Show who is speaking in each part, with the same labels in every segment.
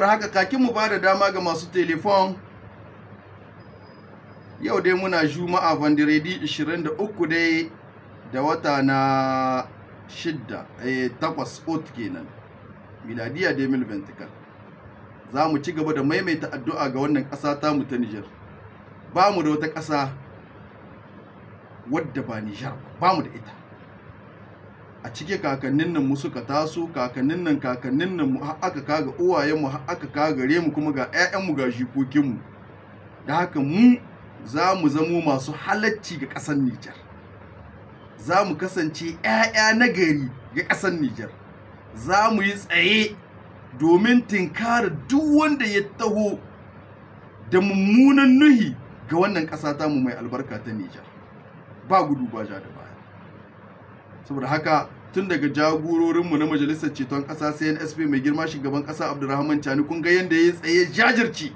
Speaker 1: saboda haka kakin mu ba da dama ga masu telefon yau dai muna juma'a vandiredi 23 dai da wata na 6 eh takwas ot kenan miladiya 2024 za mu ci gaba da maimaita addu'a ga wannan ƙasa ta mu ta Nijar ba mu da wata ƙasa wadda ba Nijar ba mu da ita a cike kakannin nan mu suka taso kakannin nan kakannin nan mu har aka kaga uwayen mu har aka kaga gare mu kuma ga ƴaƴan mu ga jikokin mu da haka mu za mu zamo masu halacci ga ƙasar Nijar za mu kasance ƴaƴa na gari ga ƙasar Nijar za mu yi tsaye domin tinkara duk wanda ya taho da mummunan nuhi ga wannan ƙasa ta mu mai albarka ta Nijar ba gudu ba ja da baya saboda haka tun daga jagororinmu na majalisar ceton ƙasa CNSP mai girma shugaban ƙasa abdurrahman Tani kun ga yadda ya tsaye jajirci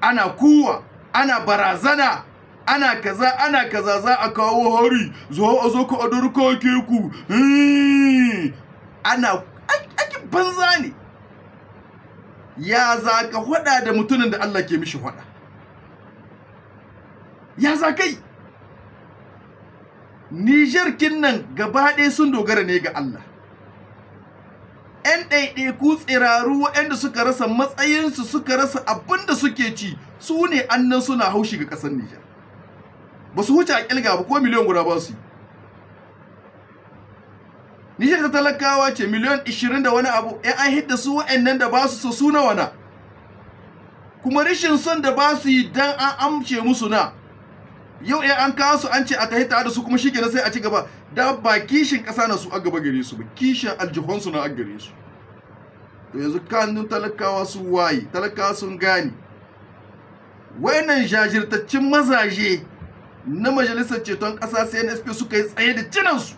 Speaker 1: ana kuwa ana barazana ana kaza ana kaza za a kawo hari zo a zo ka adar kake ku hmm. ana ake banza ne ya za ka hwada da mutumin da Allah ke mishi hwada ya za kai Nijar kin nan gaba ɗaya sun dogara ne ga Allah. ‘Yan ɗaiɗaiku tsiraru waɗanda suka rasa matsayinsu suka rasa abin da suke ci su ne annan suna haushi ga ƙasar Nijar. Ba su huce a ƙilga ba ko miliyan guda ba su yi. Nijar ta talakawa ce miliyan ishirin da wani abu ‘yan an hita su waɗannan da ba su so su na wana. Kuma rishin son da ba su yi don an amce musu na yau ya an kawo su an ce a hita da su kuma shi sai a ci gaba da ba kishin ƙasa na su a gaba gare su ba kishin aljihonsu su na a gare su to yanzu kanun talakawa su waye talakawa sun gane wayannan jajirtaccen mazaje na majalisar ceton ƙasa CNSP suka yi tsaye da cinansu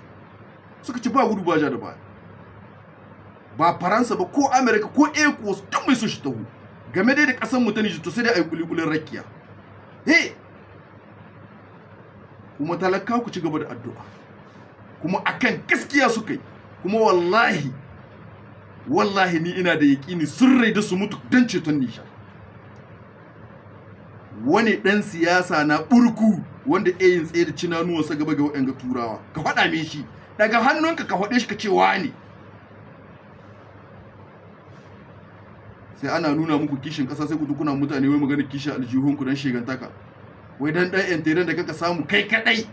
Speaker 1: suka ci ba gudu ba ja da ba ba faransa ba ko amerika ko ecos duk mai su shi taho game dai da ƙasar mu ta sai dai a yi kulikulin rakiya hey kuma talaka ku ci gaba da addu'a kuma akan gaskiya suka yi kuma wallahi wallahi ni ina da yaƙini sun da su mutu don ceton nisha wani ɗan siyasa na ɓurku wanda ya yin tsaye da cinanuwarsa gaba ga waɗanga turawa ka faɗa min shi daga hannunka ka faɗe shi ka ce ne. sai ana nuna muku kishin ƙasa sai ku kuna mutane wai magana kishin aljihunku don shegantaka wai dan dan enteren da kaka samu kai kadai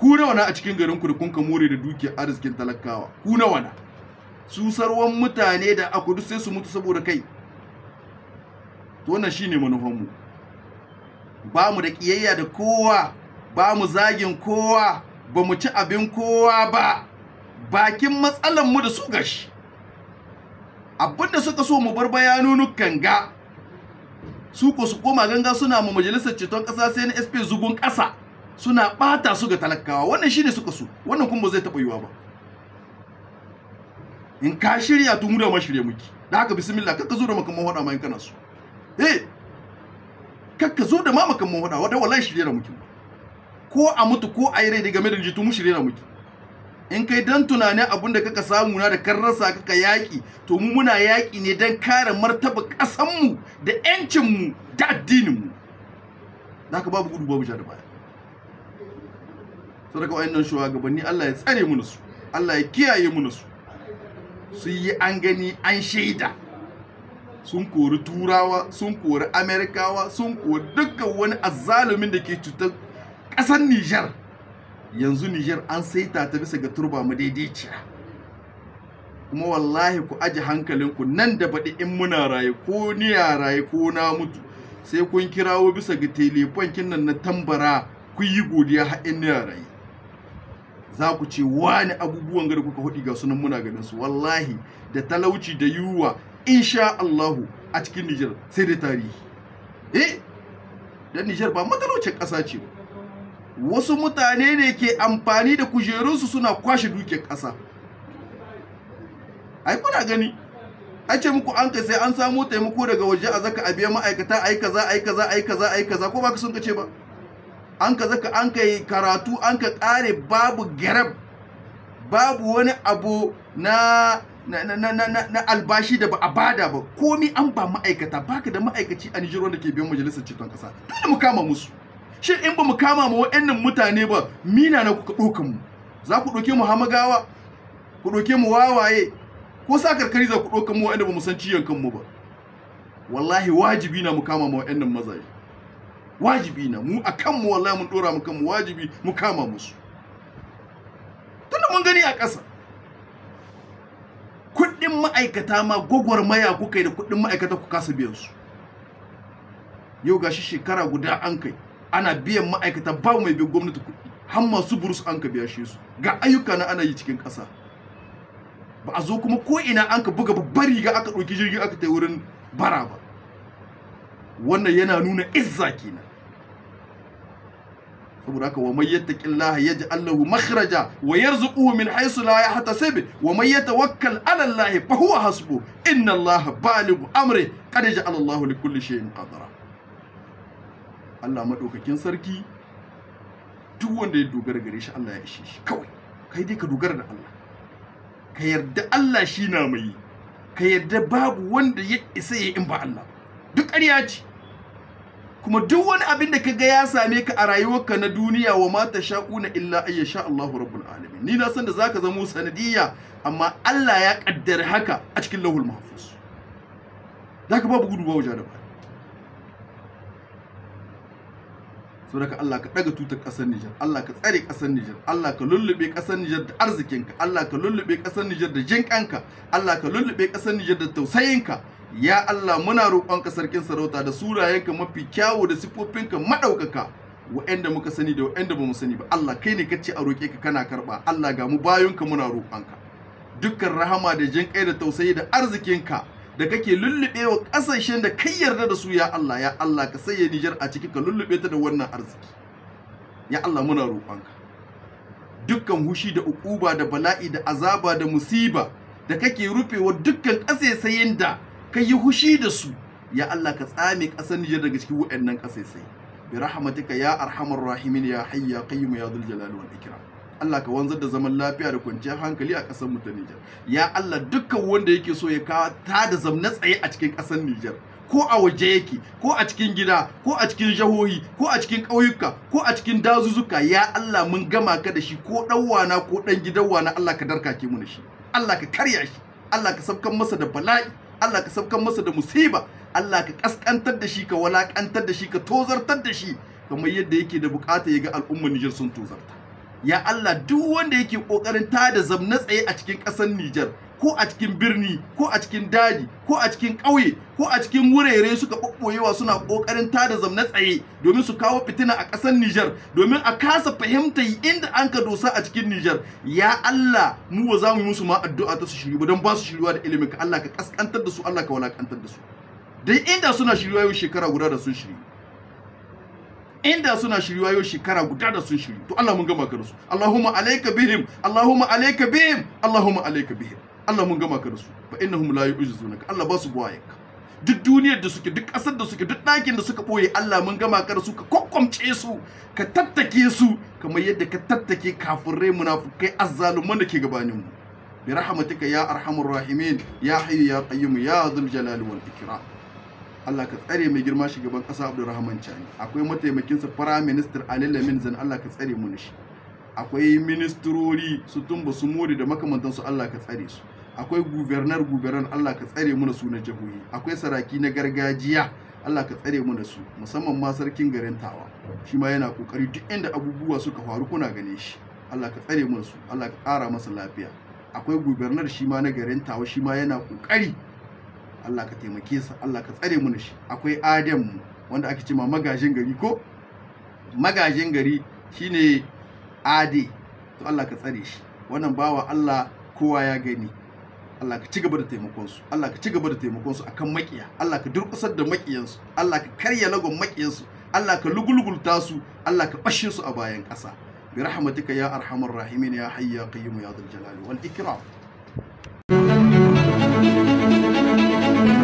Speaker 1: ku nawa na a cikin garin ku da kun ka more da dukiyar arzikin talakawa ku nawa na su mutane da aku duk sai su mutu saboda kai to wannan shine manufan mu ba mu da kiyayya da kowa ba mu zagin kowa ba mu ci abin kowa ba bakin matsalan mu da su gashi abinda suka so mu bar bayanunukan ga su ko su koma ganga suna mu majalisar ceton ƙasa sai na sp zugun ƙasa suna ɓata su ga talakawa wannan shine suka su wannan kuma zai taɓa yiwa ba in ka shirya tun da ma shirye muke da haka bismillah kakka zo da makamman hada ma in kana so eh kakka zo da ma makamman hada wadda wallahi shirye da muke ko a mutu ko a yi rai game da jitu mu shirye da muke in kai dan tunanin abin da kaka samu na da karrasa kaka yaƙi to mu muna yaƙi ne dan kare martaba ƙasanmu da ƴancinmu da addininmu da haka babu gudu babu ja da baya sadaka wayannan shugabanni Allah ya tsare mu su Allah ya kiyaye mu su sun yi an gani an shaida sun kori turawa sun kori amerikawa sun kori dukkan wani azzalumin da ke cutar ƙasar Nijar yanzu Niger an saita ta bisa ga turba mu daidaiciya kuma wallahi ku aji hankalinku nan da baɗi in muna raye ko ni ya raye ko na mutu sai kun kirawo bisa ga telefon kin nan na tambara ku yi godiya ha in ni ya raye za ku ce wani abubuwan gari kuka hudi ga sunan muna ganin su wallahi da talauci da yiwuwa insha Allahu a cikin Niger sai da tarihi eh dan Niger ba matalaucin ƙasa ce ba wasu mutane ne ke amfani da kujerunsu suna kwashe duke ƙasa ai kuna gani a ce muku an kai sai an samu taimako daga waje a zaka a ma'aikata ai kaza ai kaza ai kaza ai kaza ko ba ka sun kace ba an ka zaka an kai karatu an ka kare babu garab babu wani abu na na, na, na, na, na albashi da ba a bada ba komi an ba ma'aikata baka da ma'aikaci a Nijar wanda ke biyan majalisar ceton kasa dole mu kama musu shi in ba mu kama mu wa'annan mutane ba mina na kuka ɗaukan mu za ku ɗauke mu hamagawa ku ɗauke mu wawaye ko sa karkari za ku ɗaukan mu wa'anda ba mu san ciyon kanmu ba wallahi wajibi na mu kama mu wa'annan mazaje wajibi na mu a kanmu wallahi mun ɗora mu kanmu wajibi mu kama musu tunda mun gani a ƙasa kuɗin ma'aikata ma gwagwarmaya kuka yi da kuɗin ma'aikata ku kasa biyan su yau gashi shekara guda an kai ana biyan ma'aikata ba mai bin gwamnati kuɗi har masu burus an ka biya shi su ga ayyuka na ana yi cikin ƙasa ba a zo kuma ko ina an ka buga babbar riga aka ɗauki jirgin aka tai wurin bara ba wannan yana nuna izza kenan saboda haka wa may yattaqillaha yaj'al allahu makhraja wa yarzuquhu min haythu la yahtasib wa may yatawakkal 'ala Allah fa huwa hasbu inna Allah balighu amri qad ja'ala Allah li kulli shay'in qadara Allah maɗaukakin sarki duk wanda ya dogara gare shi Allah ya ishe shi kawai kai dai ka dogara da Allah ka yarda Allah shi na mai ka yarda babu wanda ya isa ya in ba Allah duk ƙarya ce kuma duk wani abin da ga ya same ka a rayuwarka na duniya wa ma ta sha'una illa ayya sha Allahu rabbul alamin ni na san da zaka zamo sanadiyya amma Allah ya kaddara haka a cikin lahul mahfuz zaka babu gudu ba wajen da ba saboda Allah ka daga tutar kasar Nijar Allah ka tsare kasar Nijar Allah ka lullube kasar Nijar da arzikinka Allah ka lullube kasar Nijar da jinkanka Allah ka lullube kasar Nijar da tausayinka ya Allah muna roƙon sarkin sarauta da surayenka mafi kyawu da sifofinka madaukaka wa'anda muka sani da wa'anda bamu sani ba Allah kai ne kace a roke ka kana karba Allah ga mu bayonka muna roƙonka dukkan rahama da jinkai da tausayi da arzikinka da kake lullube wa kasashen da kai yarda da su ya Allah ya Allah ka sanya Nijar a ciki ka lullube ta da wannan arziki ya Allah muna roƙonka dukkan hushi da ukuba da bala'i da azaba da musiba da kake rufewa dukkan ƙasaisayin da ka yi hushi da su ya Allah ka tsame ƙasar Nijar daga cikin waɗannan ƙasaisai bi rahmatika ya arhamar rahimin ya hayya qayyim ya dhul jalali wal ikram Allah ka wanzar da zaman lafiya da kwanciyar hankali a ƙasar mu ta Nijar ya Allah dukkan wanda yake so ya kawo ta da zamna tsaye a cikin ƙasar Nijar ko a waje yake ko a cikin gida ko a cikin jahohi ko a cikin ƙauyuka ko a cikin dazuzuka ya Allah mun gama ka da shi ko ɗan wana ko ɗan gidan wana Allah ka darka mu da shi Allah ka karya shi Allah ka sabkan masa da bala'i Allah ka sabkan masa da musiba Allah ka ƙasƙantar da shi ka walaƙantar da shi ka tozartar da shi kamar yadda yake da buƙata ya ga al'ummar Nijar sun tozarta ya Allah duk wanda yake kokarin tada zamna tsaye a cikin ƙasar Nijar ko a cikin birni ko a cikin daji ko a cikin ƙauye ko a cikin wurare suka ɓoɓɓoyewa suna ƙoƙarin da zamna tsaye domin su kawo fitina a ƙasar Nijar domin a kasa fahimta inda an ka dosa a cikin Nijar ya Allah mu ba za mu musu ma addu'a ta su shiryu ba don ba su shiryuwa da ilimin ka Allah ka kaskantar da su Allah ka walakantar da su dai inda suna shiryuwa yau shekara guda da sun shiryu inda suna shiryuwa yau shekara guda da sun shiryu to Allah mun gama ka su Allahumma alayka bihim Allahumma alayka bihim Allahumma alayka bihim Allah mun gama ka su fa innahum la yu'jizunaka Allah ba su ka duk duniyar da suke duk kasar da suke duk ɗakin da suka ɓoye Allah mun gama ka su ka kokkomce su ka tattake su kamar yadda ka tattake kafirai munafukai azzaluman da ke gabanin mu bi rahmatika ya arhamar rahimin ya hayyu ya qayyim ya dhul jalali wal ikram Allah ka tsare mai girma shugaban ƙasa Abdulrahman Chani akwai mataimakinsa fara minister Ali Lamin Zan Allah ka tsare mu shi akwai ministrori su tumba su mori da makamantansu Allah ka tsare su akwai gubernar gubernan Allah ka tsare mu su na jihohi akwai saraki na gargajiya Allah ka tsare mu su musamman ma sarkin garin Tawa shi ma yana kokari duk inda abubuwa suka faru kuna gane shi Allah ka tsare mu su Allah ka ƙara masa lafiya akwai gubernar shi ma na garin Tawa shi ma yana kokari Allah ka taimake sa Allah ka tsare mu shi akwai adam mu wanda ake cewa magajin gari ko magajin gari shine ade to Allah ka tsare shi wannan bawa Allah kowa ya gani Allah ka ci gaba da su Allah ka ci gaba da taimakonsu akan makiya Allah ka durkusar da makiyan su Allah ka karya lagon su Allah ka lugulgulta su Allah ka bashe su a bayan ƙasa bi rahmatika ya arhamar rahimin ya hayya qayyum ya dhul jalali wal ikram